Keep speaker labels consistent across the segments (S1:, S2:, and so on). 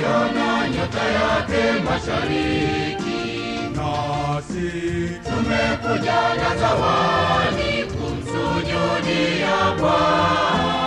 S1: tunaiona nyota yake mashariki, nasi tumekuja na zawadi kumsujudia Bwana.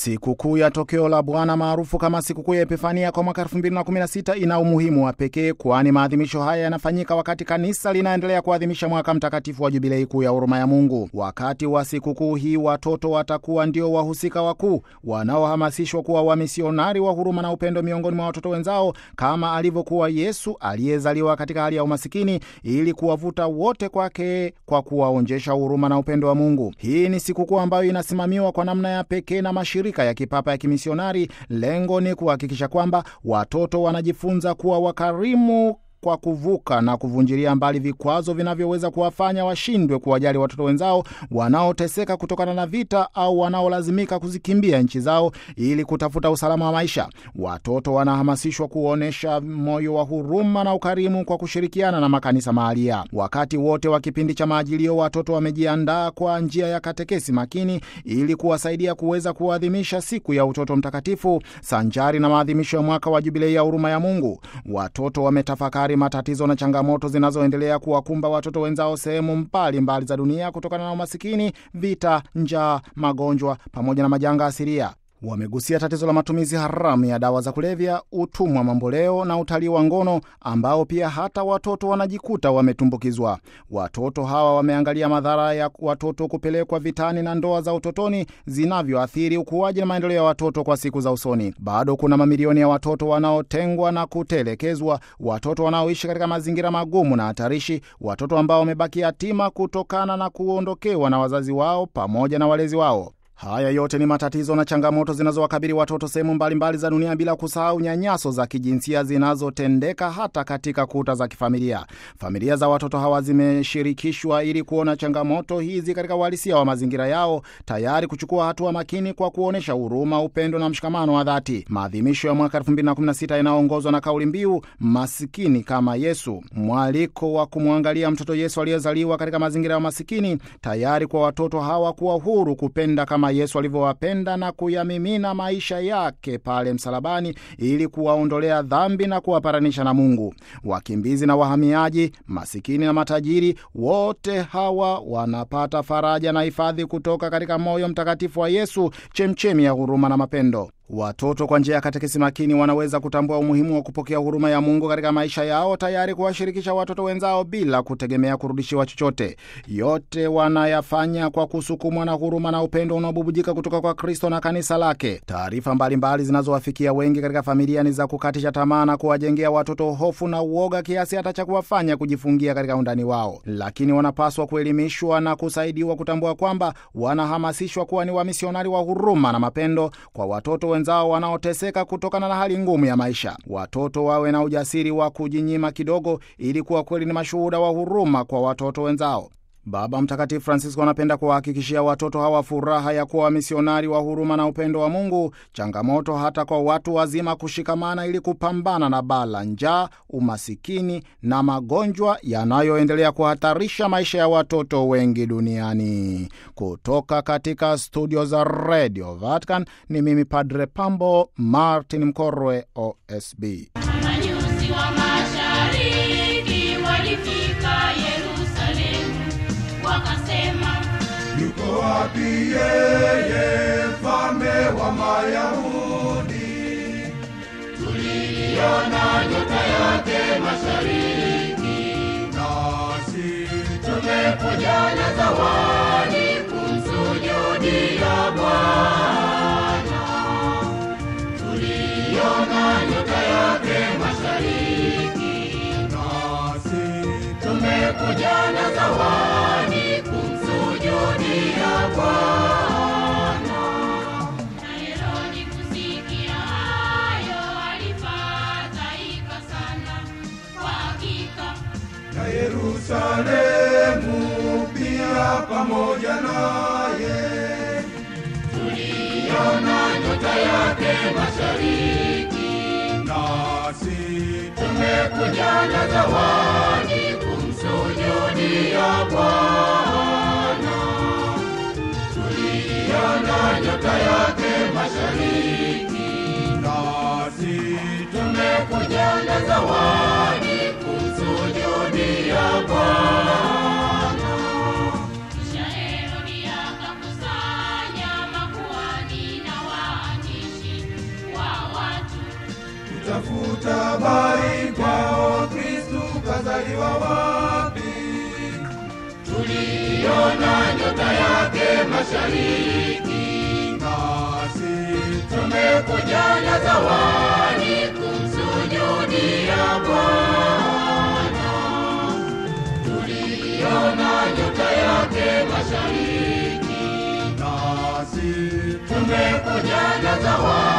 S2: Sikukuu ya tokeo la Bwana maarufu kama sikukuu ya Epifania kwa mwaka 2016 ina umuhimu wa pekee, kwani maadhimisho haya yanafanyika wakati kanisa linaendelea kuadhimisha mwaka mtakatifu wa jubilei kuu ya huruma ya Mungu. Wakati wa sikukuu hii, watoto watakuwa ndio wahusika wakuu wanaohamasishwa kuwa wamisionari wa huruma na upendo miongoni mwa watoto wenzao, kama alivyokuwa Yesu aliyezaliwa katika hali ya umasikini, ili kuwavuta wote kwake kwa kuwaonjesha huruma na upendo wa Mungu. Hii ni sikukuu ambayo inasimamiwa kwa namna ya pekee na mashirika mashirika ya kipapa ya kimisionari. Lengo ni kuhakikisha kwamba watoto wanajifunza kuwa wakarimu kwa kuvuka na kuvunjilia mbali vikwazo vinavyoweza kuwafanya washindwe kuwajali watoto wenzao wanaoteseka kutokana na vita au wanaolazimika kuzikimbia nchi zao ili kutafuta usalama wa maisha. Watoto wanahamasishwa kuonyesha moyo wa huruma na ukarimu kwa kushirikiana na makanisa mahalia. Wakati wote wa kipindi cha maajilio, watoto wamejiandaa kwa njia ya katekesi makini ili kuwasaidia kuweza kuadhimisha siku ya utoto mtakatifu sanjari na maadhimisho ya mwaka wa jubilei ya huruma ya Mungu. Watoto wametafakari tayari matatizo na changamoto zinazoendelea kuwakumba watoto wenzao sehemu mbalimbali za dunia kutokana na umasikini, vita, njaa, magonjwa pamoja na majanga asilia wamegusia tatizo la matumizi haramu ya dawa za kulevya, utumwa mamboleo na utalii wa ngono ambao pia hata watoto wanajikuta wametumbukizwa. Watoto hawa wameangalia madhara ya watoto kupelekwa vitani na ndoa za utotoni zinavyoathiri ukuaji na maendeleo ya watoto kwa siku za usoni. Bado kuna mamilioni ya watoto wanaotengwa na kutelekezwa, watoto wanaoishi katika mazingira magumu na hatarishi, watoto ambao wamebaki yatima kutokana na kuondokewa na wazazi wao pamoja na walezi wao. Haya yote ni matatizo na changamoto zinazowakabili watoto sehemu mbalimbali za dunia, bila kusahau nyanyaso za kijinsia zinazotendeka hata katika kuta za kifamilia. Familia za watoto hawa zimeshirikishwa ili kuona changamoto hizi katika uhalisia wa mazingira yao, tayari kuchukua hatua makini kwa kuonyesha huruma, upendo na mshikamano wa dhati. Maadhimisho ya mwaka 2016 yanayoongozwa na kauli mbiu masikini kama Yesu, mwaliko wa kumwangalia mtoto Yesu aliyezaliwa katika mazingira ya masikini, tayari kwa watoto hawa kuwa huru kupenda kama Yesu alivyowapenda na kuyamimina maisha yake pale msalabani ili kuwaondolea dhambi na kuwapatanisha na Mungu. Wakimbizi na wahamiaji, masikini na matajiri, wote hawa wanapata faraja na hifadhi kutoka katika moyo mtakatifu wa Yesu, chemchemi ya huruma na mapendo. Watoto kwa njia ya katekesi makini wanaweza kutambua umuhimu wa kupokea huruma ya Mungu katika maisha yao, tayari kuwashirikisha watoto wenzao bila kutegemea kurudishiwa chochote. Yote wanayafanya kwa kusukumwa na huruma na upendo unaobubujika kutoka kwa Kristo na kanisa lake. Taarifa mbalimbali zinazowafikia wengi katika familia ni za kukatisha tamaa na kuwajengea watoto hofu na uoga kiasi hata cha kuwafanya kujifungia katika undani wao, lakini wanapaswa kuelimishwa na kusaidiwa kutambua kwamba wanahamasishwa kuwa ni wamisionari wa huruma na mapendo kwa watoto wenzao wanaoteseka kutokana na hali ngumu ya maisha. Watoto wawe na ujasiri wa kujinyima kidogo, ili kuwa kweli ni mashuhuda wa huruma kwa watoto wenzao. Baba Mtakatifu Francisco anapenda kuwahakikishia watoto hawa furaha ya kuwa wamisionari wa huruma na upendo wa Mungu, changamoto hata kwa watu wazima kushikamana ili kupambana na baa la njaa, umasikini na magonjwa yanayoendelea kuhatarisha maisha ya watoto wengi duniani. Kutoka katika studio za Radio Vatican ni mimi Padre Pambo Martin Mkorwe, OSB.
S1: Wapi yeye mfalme wa Mayahudi. Tuliiona nyota yake mashariki, nasi tumekuja na zawadi nasi tumekuja na zawadi kumsujudia Bwana, tuliiona nyota yake mashariki tafuta habari kwao Kristu kazaliwa wapi? Tuliona nyota yake mashariki, basi tumekuja na zawadi kumsujudia Bwana.
S2: Tuliona nyota yake
S1: mashariki, nasi tumekuja na zawadi